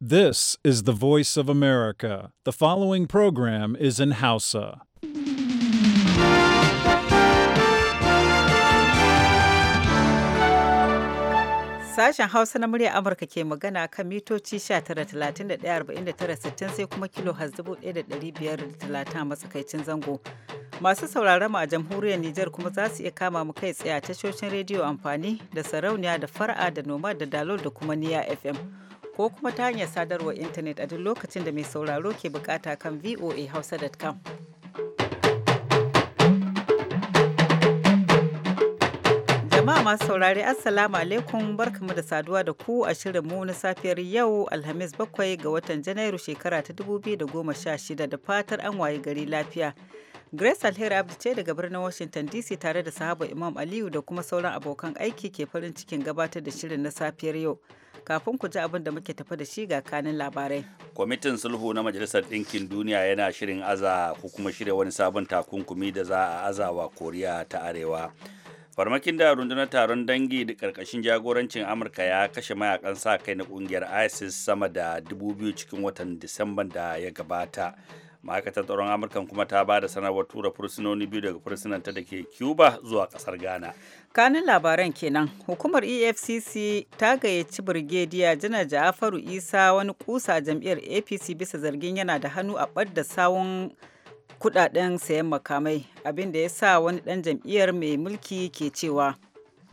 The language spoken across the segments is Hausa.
This is the voice of America. The following program is in Hausa. Sashen Hausa na murya Amurka ke magana kan mitoci 19,31,49,60 sai kuma kilo 1,530 a matsakaicin zango. Masu sauraron mu a jamhuriyar Nijar kuma za su iya kama mu kai tsaye a tashoshin rediyo amfani da sarauniya da fara da noma da dalol da kuma niya FM. ko kuma ta hanyar sadarwar intanet a duk lokacin da mai sauraro ke bukata kan voahausa.com. jama'a masu saurare assalamu alaikum barkamu da saduwa da ku a mu na safiyar yau alhamis bakwai ga watan janairu shekara ta 2016 da fatar an waye gari lafiya Grace Alheri Abdi ce daga birnin Washington DC tare da sahaba Imam Aliyu da kuma sauran abokan aiki ke farin cikin gabatar da shirin na safiyar yau. Kafin ku ji abin da muke tafa da shi ga kanin labarai. Kwamitin sulhu na Majalisar Ɗinkin Duniya yana shirin aza ko kuma shirya wani sabon takunkumi da za a wa Koriya ta Arewa. farmakin da rundunar taron dangi da karkashin jagorancin amurka ya kashe mayakan sa kai na kungiyar isis sama da 2000 cikin watan disamban da ya gabata ma'aikatar tsaron amurka kuma ta ba da sanarwar tura fursunoni biyu daga fursunanta da ke cuba zuwa kasar ghana kanin labaran kenan hukumar efcc ta gayyaci birgediya janar ja'afaru isa wani kusa jam'iyyar apc bisa zargin yana da hannu a ɓadda sawun kudaden sayan makamai abinda da ya sa wani ɗan jam'iyyar mai mulki ke cewa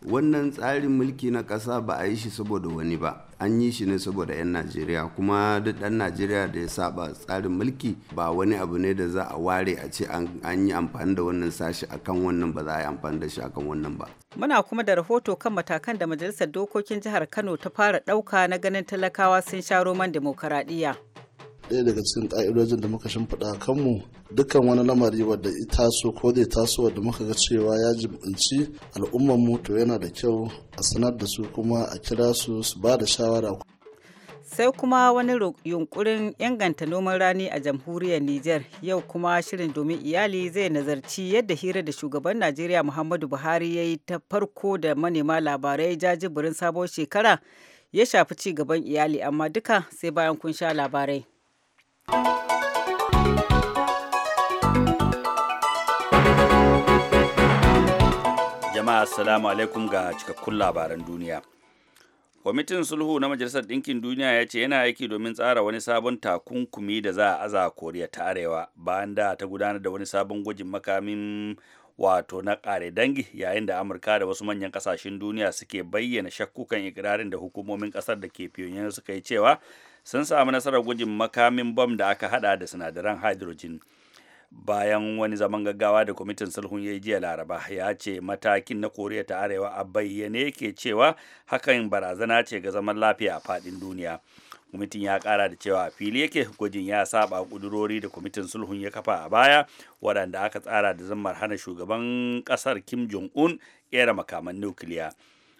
wannan tsarin mulki na kasa ba a yi shi saboda wani ba an yi shi ne saboda 'yan najeriya kuma duk ɗan najeriya da ya saba tsarin mulki ba wani abu ne da za a ware a ce an yi amfani da wannan sashi akan wannan ba za a yi amfani da shi akan wannan ba muna kuma da rahoto kan matakan da majalisar dokokin jihar kano ta fara ɗauka na ganin talakawa sun sha roman demokaradiyya ɗaya daga cikin ƙa'idojin da muka shimfiɗa kanmu dukkan wani lamari wadda ita so ko zai taso wadda muka ga cewa ya jibinci mu to yana da kyau a sanar da su kuma a kira su su ba da shawara sai kuma wani yunkurin inganta noman rani a jamhuriyar niger yau kuma shirin domin iyali zai nazarci yadda hira da shugaban Najeriya Muhammadu Buhari ya yi ta farko da manema labarai jajibirin sabon shekara ya shafi ci gaban iyali amma duka sai bayan kun sha labarai. jama'a assalamu alaikum ga cikakkun labaran duniya kwamitin sulhu na majalisar ɗinkin duniya ya ce yana aiki domin tsara wani sabon takunkumi da za a aza koriya ta arewa bayan da ta gudanar da wani sabon gwajin makamin wato na ƙare dangi yayin da amurka da wasu manyan ƙasashen duniya suke bayyana shakkukan ikirarin da hukumomin ƙasar da ke suka yi cewa sun samu nasarar gujin makamin bom da aka hada da sinadaran hydrogen bayan wani zaman gaggawa da kwamitin sulhun ya yi jiya laraba ya ce matakin na koriya ta arewa a bayyane yake cewa hakan barazana ce ga zaman lafiya a fadin duniya kwamitin ya kara da cewa a fili yake gwajin ya saba kudurori da kwamitin sulhun ya kafa a baya waɗanda aka tsara da zammar hana shugaban ƙasar kim jong un ƙera makaman nukiliya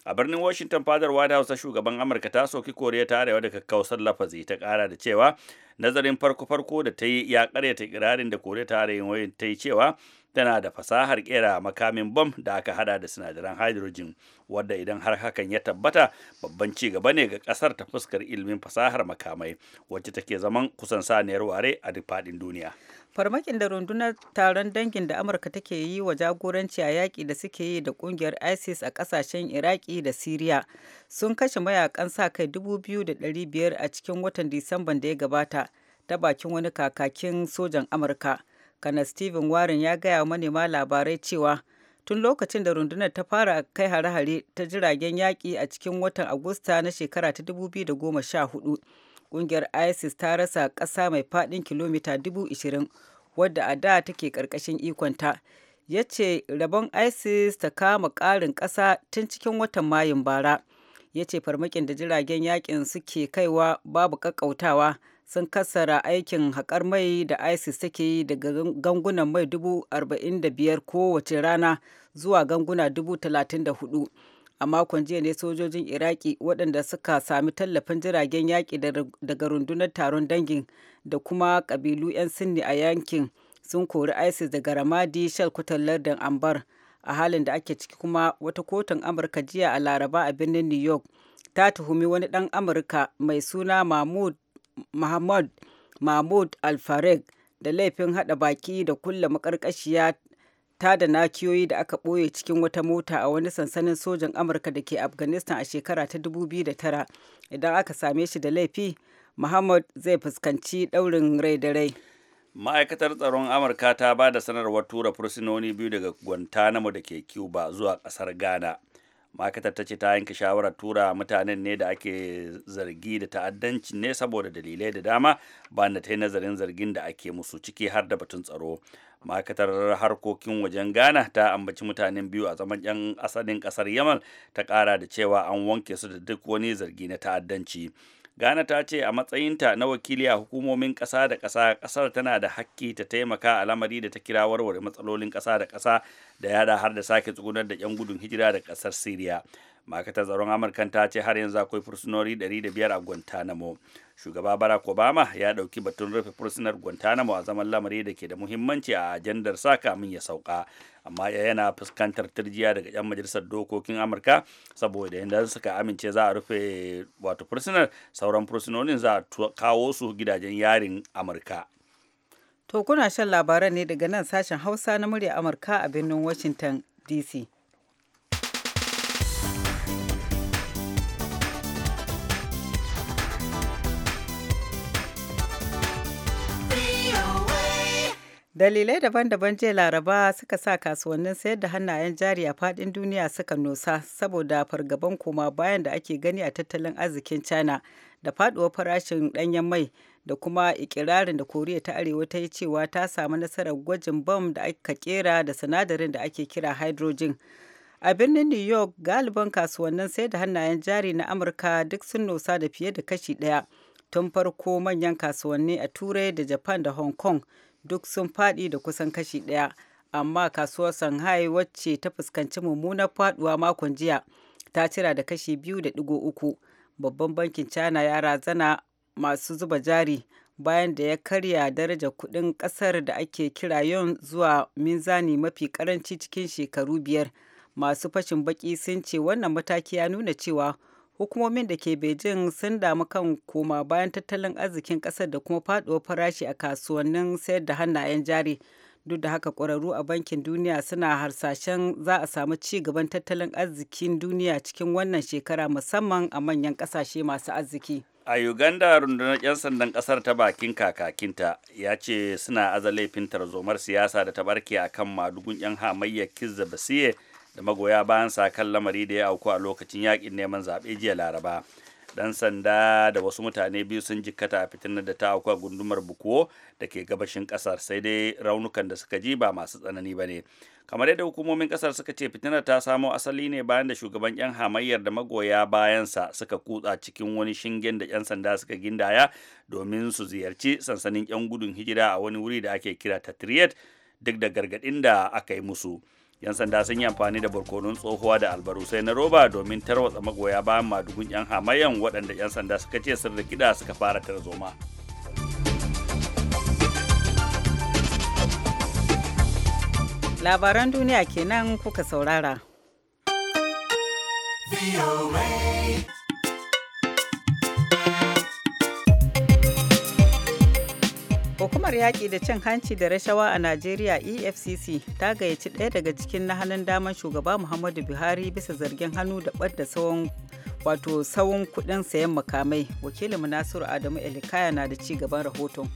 a birnin washington fadar white house shugaban amurka ta soki koriya ta arewa da kakkausar lafazi ta kara da cewa nazarin farko-farko da ta yi ya karyata kirarin da koriya ta arewa ta yi cewa tana da fasahar kera makamin bom da aka hada da sinadaran hydrogen wadda idan har hakan ya tabbata babban ci gaba ne ga kasar ta fuskar ilmin fasahar makamai wacce take zaman kusan saniyar ware a duk faɗin duniya farmakin da rundunar taron dangin da amurka take yi wa jagoranci a yaƙi da suke yi da ƙungiyar isis a ƙasashen iraki da siriya sun kashe mayakan sa kai dubu biyu da biyar a cikin watan disamban da ya gabata ta bakin wani kakakin sojan amurka kana stephen warren ya gaya wa manema labarai cewa tun lokacin da rundunar ta fara kai hare-hare ta jiragen yaƙi a cikin watan agusta na shekara ta 2014 ƙungiyar isis ta rasa ƙasa mai faɗin kilomita 20,000 wadda a da take ƙarƙashin ikonta ya ce rabon isis ta kama ƙarin ƙasa tun cikin watan mayun bara ya ce farmakin da jiragen yaƙin suke kaiwa babu ƙaƙƙautawa sun kassara aikin haƙar mai da isis take yi daga gangunan mai da biyar kowace rana zuwa ganguna dubu talatin da hudu a makon jiya ne sojojin iraki waɗanda suka sami tallafin jiragen yaƙi daga rundunar taron dangin da kuma ƙabilu 'yan sinni a yankin sun kori isis daga ramadi shalkutan lardin ambar a halin da ake ciki kuma wata kotun amurka jiya a laraba a birnin new york ta tuhumi wani ɗan amurka mai suna mahmud Mahmoud Mahmoud al da laifin hada baki da kulla ta da nakiyoyi da aka boye cikin wata mota a wani sansanin sojan Amurka da ke Afghanistan a shekara ta 2009. Idan aka same shi da laifi, Mahmoud zai fuskanci daurin rai da rai. Ma'aikatar tsaron Amurka ta ba da sanarwar tura fursunoni biyu daga Guantanamo da ke Cuba zuwa ƙasar Ghana. ma'aikatar ta ce ta yanke shawarar tura mutanen ne da ake zargi da ta'addanci ne saboda dalilai da dama ba da ta yi nazarin zargin da ake musu ciki har da batun tsaro ma'aikatar harkokin wajen ghana ta ambaci mutanen biyu a zaman yan asalin kasar yamal ta kara da cewa an wanke su da duk wani zargi na ta'addanci Ghana ta ce a matsayinta na wakili a hukumomin ƙasa da ƙasa ƙasar tana da hakki ta taimaka a lamari da ta kira warware matsalolin ƙasa da ƙasa da yada har da sake tsugunar da 'yan gudun hijira da ƙasar Siriya. ma'aikatar tsaron amurka ta ce har yanzu akwai fursunori 500 a guantanamo shugaba barack obama ya dauki batun rufe fursunar guantanamo a zaman lamari da ke da muhimmanci a ajandar sa kamin ya sauka amma ya yana fuskantar turjiya daga 'yan majalisar dokokin amurka saboda yadda suka amince za a rufe wato fursunar sauran fursunonin za a kawo su gidajen yarin amurka to kuna shan labaran ne daga nan sashen hausa na murya amurka a birnin washington dc dalilai daban-daban jiya laraba suka sa kasuwannin sayar da hannayen jari a fadin duniya suka nosa saboda fargaban koma bayan da ake gani a tattalin arzikin china da faduwar farashin danyen mai da kuma ikirarin da koriya ta arewa ta yi cewa ta samu nasarar gwajin bam da aka kera da sinadarin da ake kira hydrogen a birnin new york galiban kasuwannin sayar da hannayen jari na amurka duk sun nosa da fiye da kashi daya tun farko manyan kasuwanni a turai da japan da hong kong duk sun faɗi da kusan kashi ɗaya amma kasuwar shanghai wacce ta fuskanci mummunar faduwa makon jiya ta cira da kashi biyu da ɗigo uku babban bankin china ya razana masu zuba jari bayan da ya karya daraja kuɗin ƙasar da ake kira yon zuwa minzani mafi karanci cikin shekaru biyar masu fashin baƙi sun ce wannan mataki ya nuna cewa hukumomin da ke beijing sun damu kan koma bayan tattalin arzikin kasar da kuma faduwar farashi a kasuwannin sayar da hannayen jari duk da haka ƙwararru a bankin duniya suna harsashen za a samu ci gaban tattalin arzikin duniya cikin wannan shekara musamman a manyan kasashe masu arziki a uganda rundunar 'yan sandan kasar ta bakin kakakinta ya ce suna aza laifin tarzomar siyasa da ta barke akan madugun 'yan hamayya kizza basiye da magoya bayan sa kan lamari da ya auku a lokacin yakin neman zaɓe jiya laraba dan sanda da wasu mutane biyu sun jikkata a fitinar da ta auku a gundumar bukuwo da ke gabashin ƙasar sai dai raunukan da suka ji ba masu tsanani ba ne kamar yadda hukumomin ƙasar suka ce fitinar ta samo asali ne bayan da shugaban yan hamayyar da magoya bayansa suka kutsa cikin wani shingen da yan sanda suka gindaya domin su ziyarci sansanin yan gudun hijira a wani wuri da ake kira tatriyat duk da gargaɗin da aka yi musu yan sanda sun yi amfani da barkonun tsohuwa da albarusai na roba domin tarwatsa magoya bayan madugun yan hamayan waɗanda yan sanda suka ce sun rikida suka fara tarzoma labaran duniya kenan kuka saurara. Hukumar yaƙi da cin hanci da rashawa a Najeriya EFCC ta gayyaci ɗaya daga cikin na hannun daman shugaba Muhammadu Buhari bisa zargin hannu da ɓadda tsawon wato tsawon kuɗin sayan makamai. Wakilin Nasiru Adamu Elikaya na da ci gaban rahoton.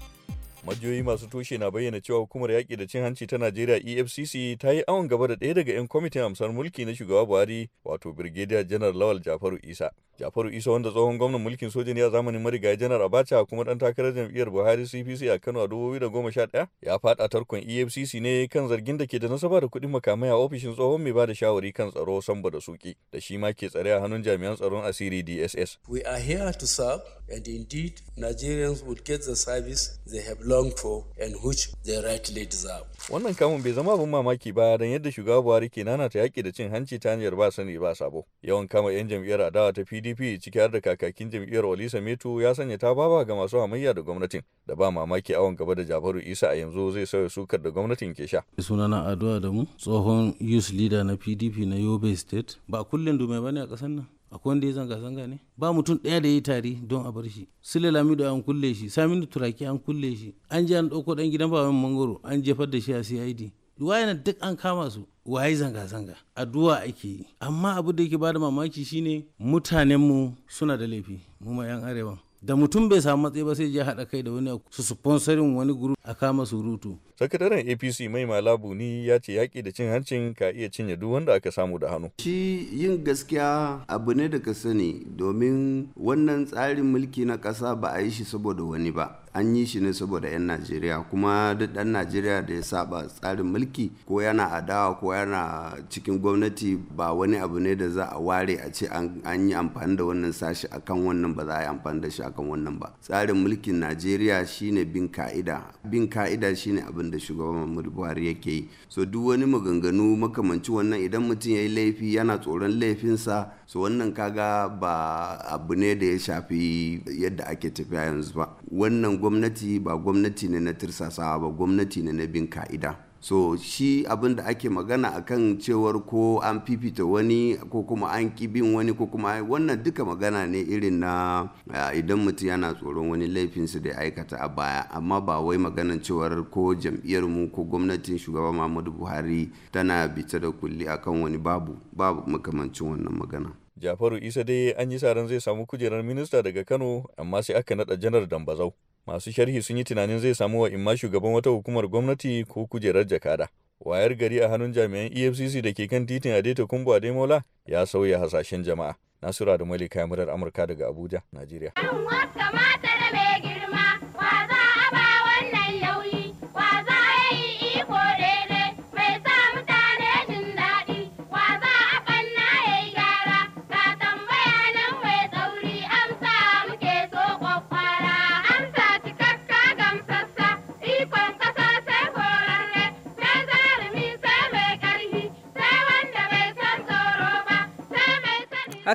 majiyoyi masu tushe na bayyana cewa hukumar yaƙi da cin hanci ta najeriya efcc ta yi awon gaba da ɗaya daga 'yan kwamitin amsar mulki na shugaba buhari wato birgediya janar lawal jafaru isa Jafaru Isa wanda tsohon gwamnan mulkin soja ne a zamanin marigayi janar Abacha kuma dan takarar jam'iyyar Buhari CPC a Kano a 2011 ya fada tarkon EFCC ne kan zargin da ke da nasaba da kuɗin makamai a ofishin tsohon mai bada shawari kan tsaro Sambo da Suki da shi ma ke tsare a hannun jami'an tsaron asiri DSS. We are here to serve and indeed Nigerians would get the service they have long for and which they rightly deserve. Wannan kamun bai zama abin mamaki ba don yadda shugaba Buhari ke nana ta yaki da cin hanci ta hanyar ba sani ba sabo. Yawan kama 'yan jam'iyyar adawa ta PD PDP ciki har da kakakin jam'iyyar Walisa metu ya sanya ta baba ga masu hamayya da gwamnatin da ba mamaki awon gaba da Jafaru Isa a yanzu zai sauya sukar da gwamnatin ke sha. Sunana Ado Adamu tsohon youth leader na PDP na Yobe State ba kullum dume ne a ƙasar nan. akwai wanda ya zanga-zanga ne ba mutum ɗaya da ya yi tari don a bar shi sule lamido an kulle shi saminu turaki an kulle shi an je an ɗauko ɗan gidan baban mangoro an jefar da shi a cid wayan duk an kama su waye zanga-zanga addu'a ake yi amma abu da yake bada mamaki shine mutanenmu suna da laifi mu ma yan arewa da mutum bai samu matsayi ba sai ya haɗa kai da wani su sponsorin wani guru a kama surutu. sakataren apc mai malabu ni ya ce yaƙi da cin hancin ka iya cinye duk wanda aka samu da hannu. shi yin gaskiya abu ne da ka sani domin wannan tsarin mulki na kasa ba a yi shi saboda wani ba an yi shi ne saboda 'yan najeriya kuma duk ɗan najeriya da ya saba tsarin mulki ko yana adawa ko yana cikin gwamnati ba wani abu ne da za a ware a ce an yi amfani da wannan sashi akan wannan ba za a yi amfani da shi akan wannan ba tsarin mulkin najeriya shine bin ka'ida bin ka'ida shine abin da shugaban buhari yake yi so duk wani maganganu makamanci wannan idan mutum ya yi laifi yana tsoron laifinsa so wannan kaga ba abu ne da ya shafi yadda ake tafiya yanzu ba wannan gwamnati ba gwamnati ne na tirsasawa ba gwamnati ne na bin ka'ida so shi abin da ake magana a kan cewar ko an fifita wani ko kuma an kibin wani ko kuma wannan duka magana ne irin na idan mutum yana tsoron wani laifinsa da aikata a baya amma ba wai maganan cewar ko jam'iyyar mu ko gwamnatin shugaba muhammadu buhari tana bita da kulli akan wani babu babu makamancin wannan magana jafaru isa dai an yi sa zai samu kujerar minista daga kano amma sai aka naɗa janar dambazau masu sharhi sun yi tunanin zai samu wa imma shugaban wata hukumar gwamnati ko kujerar jakada wayar gari a hannun jami'an efcc da ke kan titin adeta kumbu a daimola ya sauya hasashen jama'a nasura da malika murar amurka daga abuja najeriya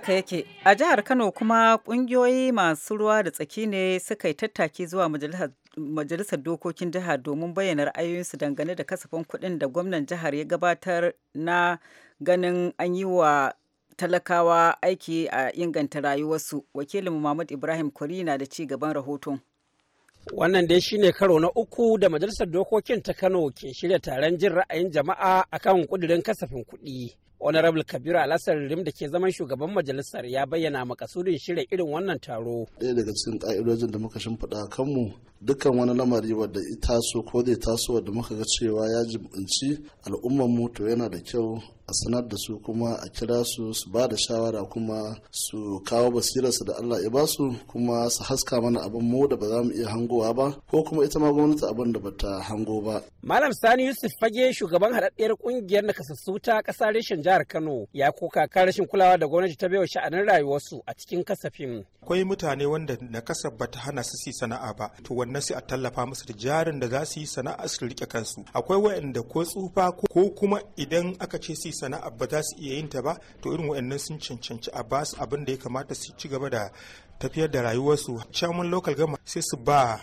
haka yake a jihar kano kuma kungiyoyi masu ruwa da tsaki ne suka yi tattaki zuwa majalisar dokokin jihar domin bayyana ra'ayoyinsu dangane da kasafin kuɗin da gwamnan jihar ya gabatar na ganin an yi wa talakawa aiki a inganta rayuwarsu wakilin mahmud ibrahim kwari na da ci gaban rahoton wannan dai shine karo na uku da majalisar dokokin ta kano ke shirya taron jin ra'ayin jama'a akan kudirin kasafin kuɗi honorable kabiru alassar rim da ke zaman shugaban majalisar ya bayyana makasudin shirin irin wannan taro ɗaya daga cikin ƙa'idojin da muka shimfiɗa kanmu dukkan wani lamari wadda taso ko zai taso wadda muka ga cewa ya jibinci al'ummar mu to yana da kyau a sanar da su kuma a kira su su ba da shawara kuma su kawo basirarsu da Allah ya ba su kuma su haska mana abin mu da ba za mu iya hangowa ba ko kuma ita ma gwamnati abin da bata hango ba. Malam Sani Yusuf Fage shugaban haɗaɗɗiyar ƙungiyar nakasassu ta kasar reshen jihar Kano ya koka kan rashin kulawa da gwamnati ta baiwa sha'anin rayuwarsu a cikin kasafin. Akwai mutane wanda na nakasa bata hana su yi sana'a ba to wannan sai a tallafa musu da jarin da za su yi sana'a su rike kansu. Akwai waɗanda ko tsufa ko kuma idan aka ce su sana'ar ba za su iya yin ta ba to irin wa'annan sun cancanci a ba su abin da ya kamata su ci gaba da tafiyar da rayuwarsu chairman local gama sai su ba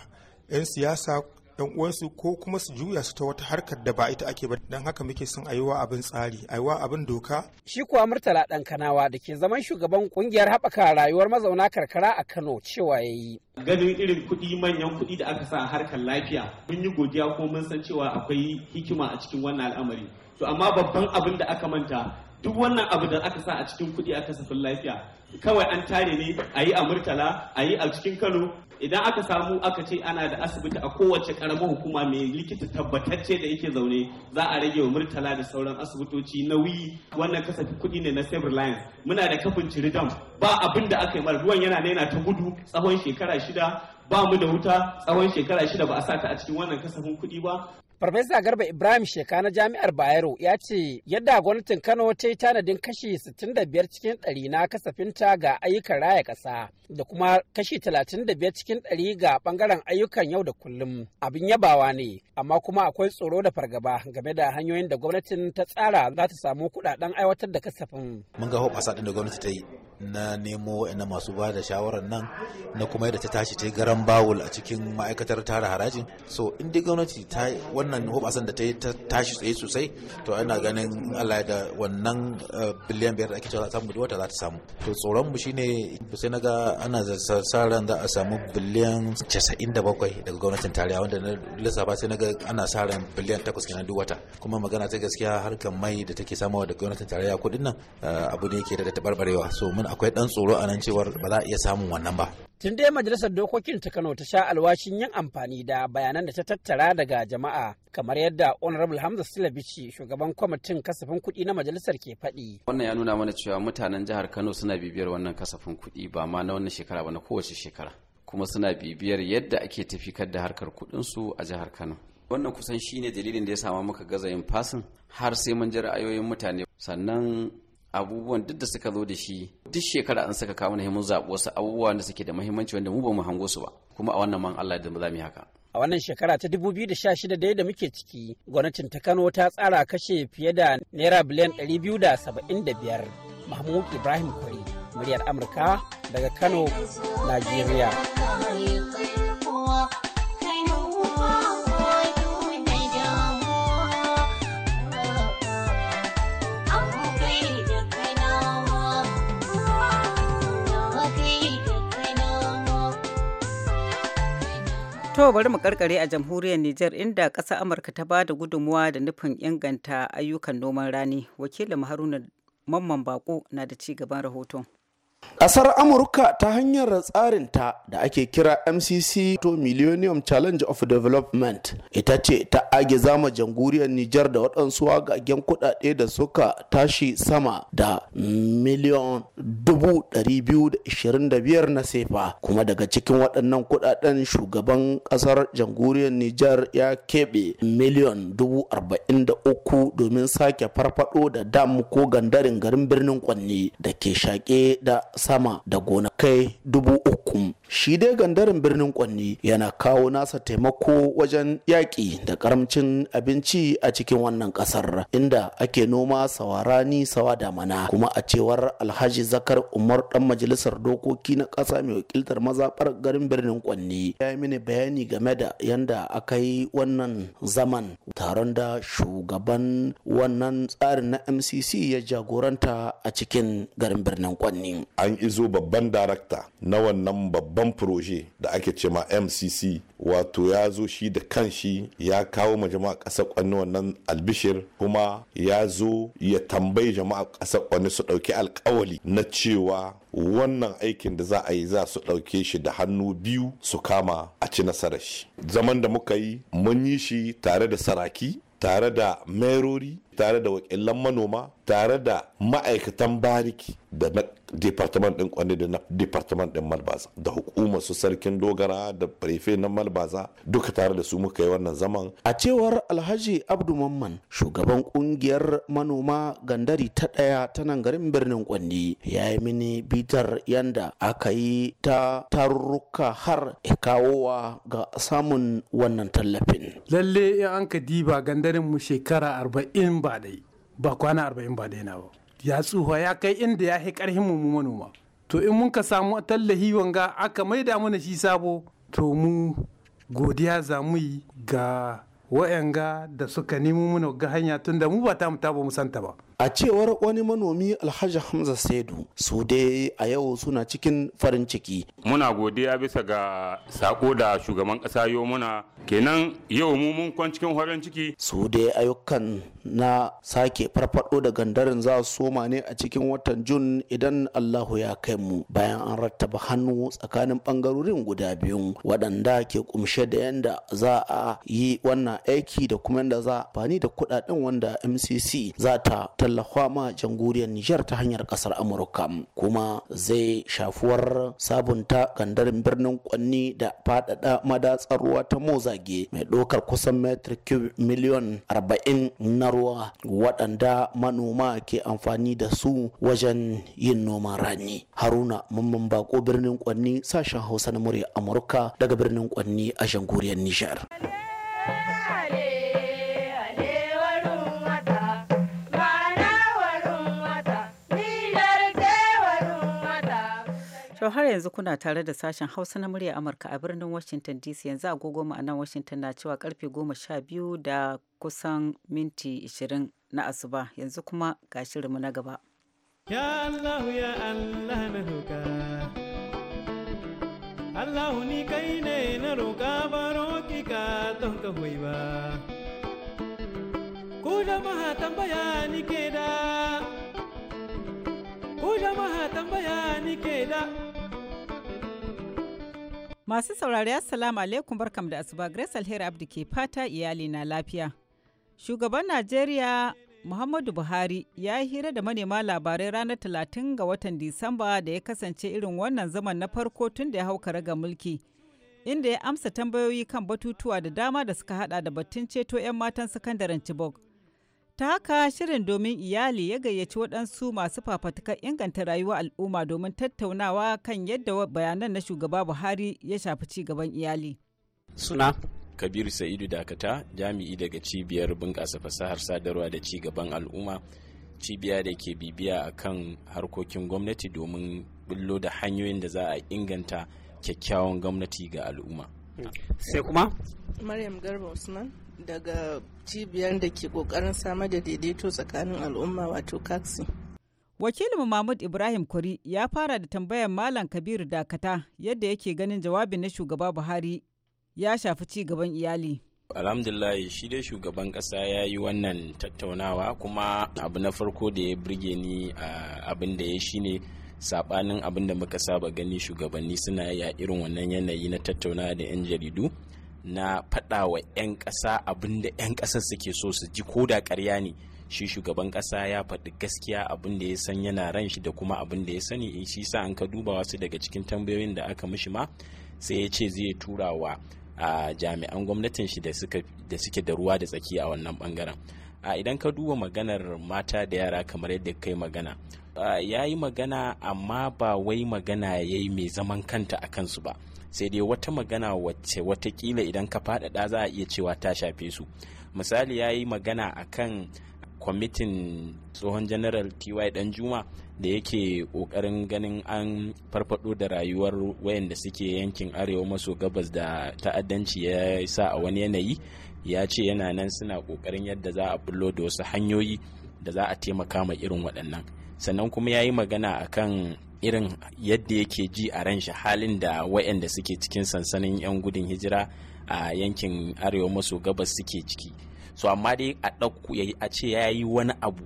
'yan siyasa yan uwansu ko kuma su juya su ta wata harkar da ba ita ake ba don haka muke son wa abin tsari wa abin doka shi kuwa murtala dan kanawa da ke zaman shugaban kungiyar haɓaka rayuwar mazauna karkara a kano cewa ya yi ganin irin kuɗi manyan kuɗi da aka sa a harkar lafiya mun yi godiya ko mun san cewa akwai hikima a cikin wannan al'amari to amma babban abin da aka manta duk wannan abu da aka sa a cikin kuɗi a kasafin lafiya kawai an tare ne a yi a murtala a yi a cikin kano idan aka samu aka ce ana da asibiti a kowace karamar hukuma mai likita tabbatacce da yake zaune za a rage wa murtala da sauran asibitoci nauyi wannan kasafin kuɗi ne na save reliance muna da kafin ciridam ba abin da aka yi mara ruwan yana na ta gudu tsawon shekara shida ba mu da wuta tsawon shekara shida ba a sata a cikin wannan kasafin kuɗi ba Farfesa Garba Ibrahim Sheka na Jami'ar Bayero ya ce yadda gwamnatin Kano ta yi tanadin kashi 65 cikin 100 na kasafinta ga ayyukan raya ƙasa da kuma kashi 35 cikin 100 ga bangaren ayyukan yau da kullum abin yabawa ne amma kuma akwai tsoro da fargaba game da hanyoyin da gwamnatin ta tsara za ta samu kuɗaɗen aiwatar da kasafin. Mun ga hoɓasa ɗin da gwamnati ta yi na nemo na masu ba da shawarar nan na kuma yadda ta tashi ta garan bawul a cikin ma'aikatar tara harajin so in dai gwamnati ta wannan hoɓasan da ta yi ta tashi tsaye sosai to ana ganin allah da wannan eh, biliyan biyar da ake cewa samu wata za ta samu to tsoron mu shine sai na ga ana sa ran za a samu biliyan casa'in da bakwai daga gwamnatin tarayya wanda na lissafa sai na ga ana sa ran biliyan takwas kenan duk wata kuma magana ta gaskiya harkar mai da take samawa da gwamnatin tarayya kuɗin nan eh, abu ne ke da taɓarɓarewa so mun akwai ɗan tsoro a nan cewar ba za a iya samun wannan ba. Tun dai majalisar dokokin ta Kano ta sha alwashin yin amfani da bayanan da ta tattara daga jama'a kamar yadda Honorable Hamza Silabici shugaban kwamitin kasafin kuɗi na majalisar ke faɗi. Wannan ya nuna mana cewa mutanen jihar Kano suna bibiyar wannan kasafin kuɗi ba ma na wannan shekara ba na kowace shekara. Kuma suna bibiyar yadda ake tafikar da harkar kuɗinsu a jihar Kano. Wannan kusan shine dalilin da ya sama muka gaza yin fasin har sai mun ji ra'ayoyin mutane sannan abubuwan duk da suka zo da shi duk shekara an saka kawo muhimmin zaɓi wasu abubuwa da suke da muhimmanci wanda mu ba mu hango su ba kuma a wannan man Allah da za mu yi haka. A wannan shekara ta 2016 dai da muke ciki gwamnatin ta Kano ta tsara kashe fiye da naira biliyan 275 Mahmud Ibrahim Kwari muryar Amurka daga Kano, Najeriya. To bari mu karkare a jamhuriyar Nijar inda ƙasar Amurka ta bada gudunmuwa da nufin inganta ayyukan noman rani. Wakilin Haruna Mamman Bako na da ci gaban rahoton. Ƙasar Amurka ta hanyar tsarinta da ake kira MCC to Millennium Challenge of Development ita ce ta age zama janguriyar Nijar da waɗansu wagagen kuɗaɗe da suka tashi sama da miliyon dubu ɗari biyu da ishirin da biyar na sefa kuma daga cikin waɗannan kuɗaɗen shugaban ƙasar janguriyar Nijar ya keɓe miliyon dubu arba'in da uku domin sake farfaɗo da dam ko gandarin garin birnin Kwanne da ke shaƙe da sama da gona kai dubu uku shi dai gandarin birnin kwanni yana kawo nasa taimako wajen yaƙi da karamcin abinci a cikin wannan ƙasar inda ake noma sawarani sawa mana kuma a cewar alhaji zakar umar dan majalisar dokoki na ƙasa mai wakiltar mazaɓar garin birnin kwanni ya yi mini bayani game da yanda aka yi wannan zaman taron da shugaban wannan tsarin na mcc ya jagoranta a cikin garin birnin kwanni an izo babban darakta na wannan babban proje da ake ce ma mcc wato ya zo shi da kanshi ya kawo ma jama'a ƙasar kwanne wannan albishir kuma ya zo ya tambayi jama'a ƙasar kwanne su ɗauki alkawali na cewa wannan aikin da za a yi za su ɗauke shi da hannu biyu su kama a ci nasarar shi zaman da muka yi mun yi shi tare da saraki tare da merori tare da wakilan manoma tare da ma'aikatan bariki da na departament din kwanne da na din malbaza da hukumar su sarkin dogara da prefe na malbaza duka tare da su muka yi wannan zaman a cewar alhaji abdu mamman shugaban kungiyar manoma gandari ta daya ta nan garin birnin kwanne ya yi mini bitar yanda aka yi ta tarurruka har kawowa ga samun wannan tallafin lalle in an ka diba gandarin mu shekara arba'in ba dai ba kwana arba'in ba dai na ba ya tsuwa ya kai inda ya yi ƙarfin mu manoma to in mun ka samu tallahi wanga aka maida mana shi sabo to mu godiya za mu yi ga wa'yanga da suka nemo mana ga hanya tunda mu ba ta mu ta ba mu santa ba A cewar wani manomi Alhaji Hamza Saidu, su dai a yau suna cikin farin ciki. Muna godiya bisa ga sako da shugaban ƙasa yau muna kenan yau mu mun kwan cikin farin ciki. Su dai ayyukan na sake farfado da gandarin za su soma ne a cikin watan Jun idan Allahu ya kai mu bayan an rattaba hannu tsakanin bangarorin guda biyu waɗanda ke kumshe da yanda za a yi wannan aiki da kuma yanda za a fani da kuɗaɗen wanda MCC za ta tallafa ma jamhuriyar Nijar ta hanyar kasar Amurka kuma zai shafuwar sabunta gandar birnin Kwanni da faɗaɗa madatsar ruwa ta Mozage mai ɗaukar kusan metric cube miliyon 40 na ruwa waɗanda manoma ke amfani da su wajen yin noman rani. Haruna Mamman Bako birnin Kwanni sashen Hausa na murya Amurka daga birnin Kwanni a jamhuriyar Nijar. To har yanzu kuna tare da sashen Hausa na murya Amurka a birnin Washington DC yanzu agogo mu a nan Washington na cewa karfe biyu da kusan minti ishirin na asuba yanzu kuma ga shirinmu na gaba. Ya Allah ya Allah na roƙa. Allah ni kai ne na roƙa baro ki ka don ka hoyi ba. Ku tambaya ni ke da Masu saurari Assalamu alaikum barkam da asuba Grace Alheri Abdi ke fata iyali na lafiya. Shugaban Najeriya Muhammadu Buhari ya yi hira da manema labarai ranar 30 ga watan Disamba da ya kasance irin wannan zaman na farko tun da ya hau ga mulki. Inda ya amsa tambayoyi kan batutuwa da dama da suka hada da batun ceto 'yan matan sakandaren Chibok. Ta haka shirin domin iyali ya gayyaci waɗansu masu fafatukar inganta rayuwar al'umma domin tattaunawa kan yadda bayanan na shugaba Buhari ya shafi ci gaban iyali. Suna Kabiru Sa'idu Dakata jami'i daga cibiyar bunƙasa fasahar sadarwa da ci gaban al'umma cibiya da ke bibiya a kan harkokin gwamnati domin bullo da hanyoyin da za a inganta kyakkyawan gwamnati ga al'umma. Sai kuma? Maryam Garba Usman. daga cibiyar da ke kokarin samar da daidaito tsakanin al'umma wato kaksi wakilin mahmud ibrahim kuri ya fara da tambayar malam kabiru dakata yadda yake ganin jawabin na shugaba buhari ya shafi ci gaban iyali alhamdulillah shi dai shugaban kasa ya yi wannan tattaunawa kuma abu na farko da ya birge ni abin da ya shi ne saɓanin abin da muka saba gani shugabanni suna yi a irin wannan yanayi na tattaunawa da 'yan jaridu na faɗa wa 'yan ƙasa abin da 'yan ƙasar suke so su ji ko da ƙarya ne shi shugaban ƙasa ya faɗi gaskiya abin da ya san yana ran shi da kuma abin da ya sani in eh, shi sa an ka duba wasu daga cikin tambayoyin da aka mishi ma sai ya ce zai tura wa jami'an gwamnatin shi da suke da ruwa da tsaki a wannan bangaren a idan ka duba maganar mata da yara kamar yadda kai magana ya yi magana amma ba wai magana ya yi mai zaman kanta a kansu ba sai dai wata magana wacce watakila idan ka faɗaɗa za a iya cewa ta shafe su misali ya yi magana a kan kwamitin tsohon general ty danjuma da yake ƙoƙarin ganin an farfaɗo da rayuwar wayanda suke yankin arewa maso gabas da ta'addanci ya sa a wani yanayi ya ce yana nan suna ƙoƙarin yadda za a bullo da wasu hanyoyi da za a taimaka ma irin waɗannan sannan kuma ya yi magana a kan. irin yadda yake ji a ran shi halin da waɗanda suke cikin sansanin 'yan gudun hijira a yankin arewa maso gabas suke ciki so amma dai a ɗauku a ce ya yi wani abu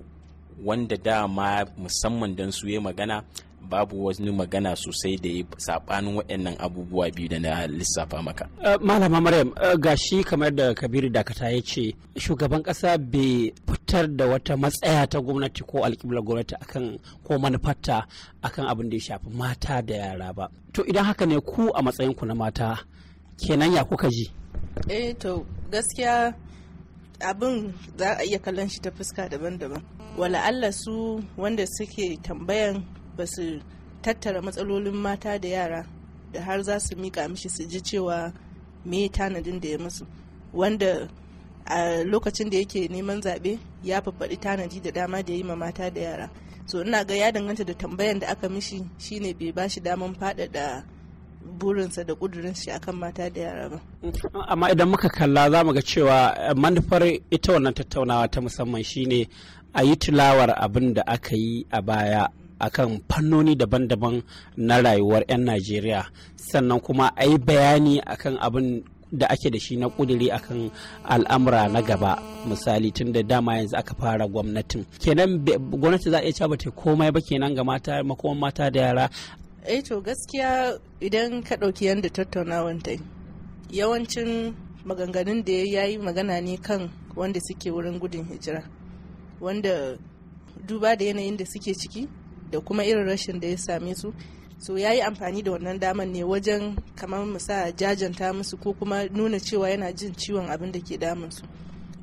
wanda dama musamman don su ya magana babu wani magana sosai da ya saɓanin waɗannan abubuwa biyu da na lissafa maka. Eh, malama maryam eh, gashi kamar da kabiru dakata ya ce shugaban ƙasa bai fitar da wata matsaya ta gwamnati ko alƙiblar gwamnati akan ko manufarta akan abin da ya shafi mata da yara ba to idan haka ne ku a matsayin ku na mata kenan ya kuka ji eh to gaskiya abin za a iya kallon shi ta fuska daban-daban wala Allah su wanda suke tambayan ba su tattara matsalolin mata da yara da har za su mika mishi su ji cewa me tanadin da ya musu wanda a lokacin da yake neman zaɓe ya faɗi tanadi da dama da ya yi ma mata da yara so ina ga ya danganta da tambayan da aka mishi shine bai ba shi daman faɗaɗa burinsa da ƙudurin shi akan mata da yara ba. Amma idan muka kalla za mu ga cewa eh, manufar ita wannan tattaunawa ta musamman shine a yi tilawar abin da aka yi a baya akan fannoni daban-daban na rayuwar 'yan Najeriya sannan kuma a yi bayani akan abin da ake da shi na kuduri akan al'amura na gaba misali tun da dama yanzu aka fara gwamnatin kenan gwamnati za a iya cewa ta komai ba kenan ga mata makoman mata da yara eh to gaskiya idan ka ɗauki yadda tattaunawan ta yawancin maganganun da ya yi magana ne kan wanda suke wurin gudun hijira wanda duba da yanayin da suke ciki da kuma irin rashin da ya same su so ya yi amfani da wannan daman ne wajen kamar musa jajanta musu ko kuma nuna cewa yana jin ciwon abin da ke su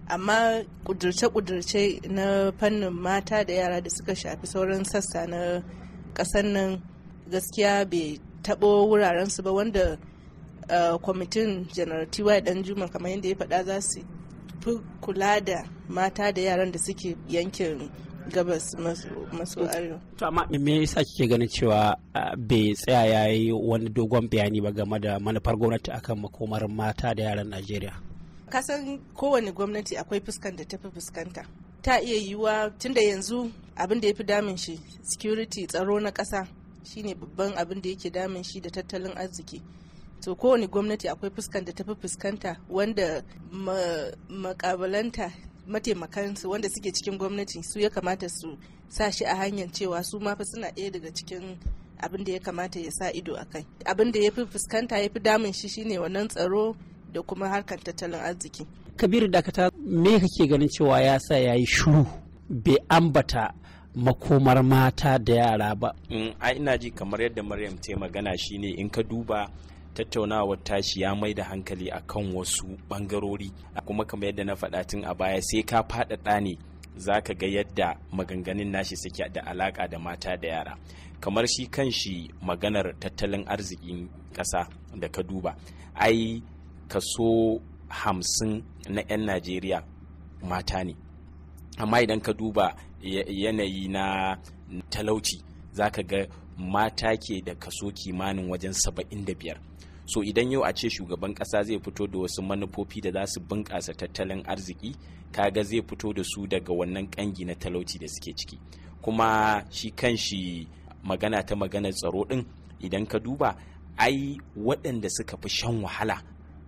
amma kudurce-kudurce na fannin mata da yara da suka shafi sauran sassa na kasan nan gaskiya bai taɓo wurarensu ba wanda kwamitin janar ty dan juma kamar yadda ya faɗa za su fi kula da mata da yaran da suke yankin gabas maso arewa to amma me yasa kike ganin cewa bai tsaya yayi wani dogon bayani ba game da manufar gwamnati akan makomar mata da yaran Najeriya kasan kowane gwamnati akwai fuskan da tafi fuskanta ta iya yiwuwa tunda yanzu abin da ya fi damun shi security tsaro na kasa shine babban abin da yake damun shi da tattalin arziki to kowane gwamnati akwai fuskan da tafi fuskanta wanda makabalanta mataimakansu wanda suke cikin gwamnati su ya kamata su sa shi a hanyar cewa su ma fa suna ɗaya daga cikin abin da ya kamata ya sa ido a kai abin da ya fi fuskanta ya fi damun shi shine wannan tsaro da kuma harkar tattalin arziki kabiru dakata me kake ganin cewa ya sa ya yi shuru bai ambata makomar mata da yara ba. Mm, ai, ina ji kamar yadda Maryam ta magana shine in ka duba tattaunawar tashi ya mai da hankali a kan wasu bangarori kuma kamar yadda na faɗa tun a baya sai ka faɗaɗa ne za ka ga yadda maganganun nashi suke da alaƙa da mata da yara kamar shi kan shi maganar tattalin arzikin ƙasa da ka duba ai kaso hamsin na 'yan najeriya mata ne amma idan ka duba yanayi na talauci za ka ga mata ke da kaso kimanin wajen saba'in da biyar. so idan yau a ce shugaban kasa zai fito da wasu manufofi da za su bunƙasa tattalin arziki kaga zai fito da su daga wannan kangi na talauci da suke ciki kuma shi kan shi magana ta maganar tsaro din idan ka duba ai waɗanda suka fi shan wahala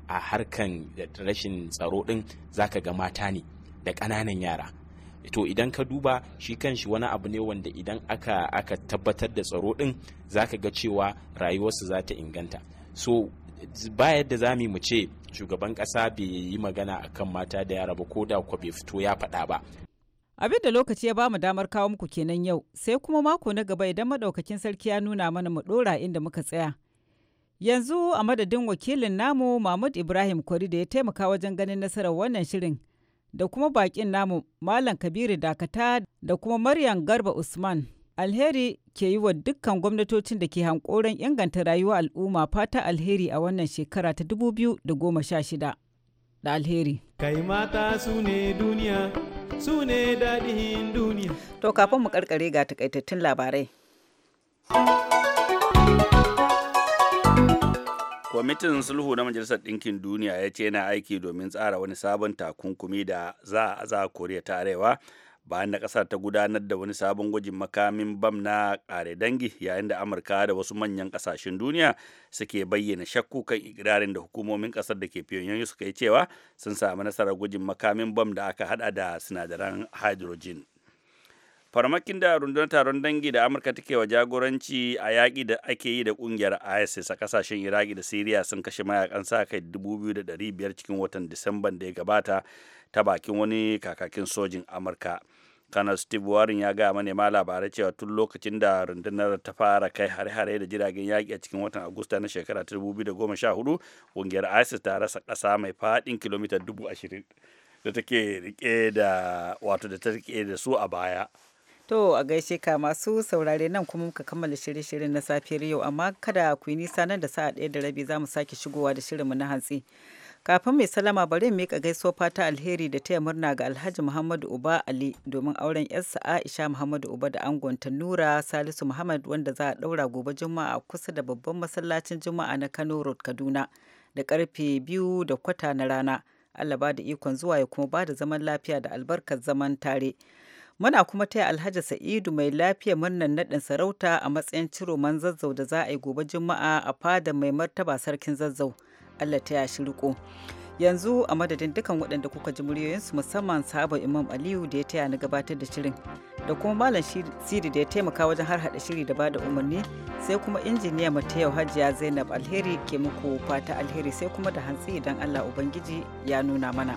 a harkan rashin tsaro din zaka ga mata ne da ƙananan yara to idan ka duba shi kan shi wani abu ne wanda idan aka aka tabbatar da tsaro din zaka ga cewa rayuwarsu za ta inganta so ba yadda za mu ce shugaban kasa bai yi magana akan mata da yara ba ko da ko bai fito ya faɗa ba abin da lokaci ya ba mu damar kawo muku kenan yau sai kuma mako na gaba idan madaukakin sarki ya nuna mana mu ɗora inda muka tsaya yanzu a madadin wakilin namu mahmud ibrahim kwari da ya taimaka wajen ganin nasarar wannan shirin da kuma bakin namu malam kabiru dakata da kuma maryam garba usman Alheri ke yi wa dukkan gwamnatocin da ke hankoron inganta rayuwa al'umma fata alheri a wannan shekara ta 2016 da alheri. Kai mata su ne duniya, su ne daɗin duniya. To kafin mu karkare ga takaitattun labarai. kwamitin sulhu na majalisar ɗinkin duniya ya ce yana aiki domin tsara wani sabon takunkumi da za a aza koriya ta arewa bayan da ƙasar ta gudanar da wani sabon gwajin makamin bam na ƙare dangi yayin da amurka da wasu manyan ƙasashen duniya suke bayyana shakku kan ikirarin da hukumomin ƙasar da ke pyongyang suka yi cewa sun sami nasarar gwajin makamin bam da aka hada da sinadaran hydrogen farmakin da rundunar taron dangi da amurka take wa jagoranci a yaƙi da ake yi da ƙungiyar isis a ƙasashen iraki da siriya sun kashe mayakan sa kai 2,500 cikin watan disamban da ya gabata ta bakin wani kakakin sojin amurka kanar steve warren ya gaya ma labarai cewa tun lokacin da rundunar ta fara kai hare-hare da jiragen yaƙi a cikin watan agusta na shekara 2014 ƙungiyar isis ta rasa ƙasa mai faɗin kilomita 20,000 da take rike da ta rike da su a baya To a gaishe ka masu saurare nan kuma muka kammala shirye shirye na safiyar yau amma kada ku yi nisa nan da sa'a ɗaya da rabi za mu sake shigowa da shirinmu na hantsi. Kafin mai salama bari in miƙa gaisuwa fata alheri da taya murna ga Alhaji Muhammadu Uba Ali domin auren yarsa Aisha Muhammadu Uba da angonta Nura Salisu Muhammad wanda za a ɗaura gobe Juma'a kusa da babban masallacin Juma'a na Kano Road Kaduna da karfe biyu da kwata na rana. Allah ba da ikon zuwa ya kuma ba da zaman lafiya da albarkar zaman tare. Muna kuma taya Alhaji Sa'idu mai lafiya murnar naɗin sarauta a matsayin ciro man zazzau da za a yi gobe Juma'a a fada mai martaba sarkin zazzau. Allah ta ya shi riko. Yanzu a madadin dukan waɗanda kuka ji muryoyinsu musamman sabon Imam Aliyu da ya taya na gabatar da shirin da kuma Malam Siri da ya taimaka wajen har hada shiri da bada umarni sai kuma injiniya Matayau Hajiya Zainab Alheri ke muku fata alheri sai kuma da hantsi idan Allah Ubangiji ya nuna mana.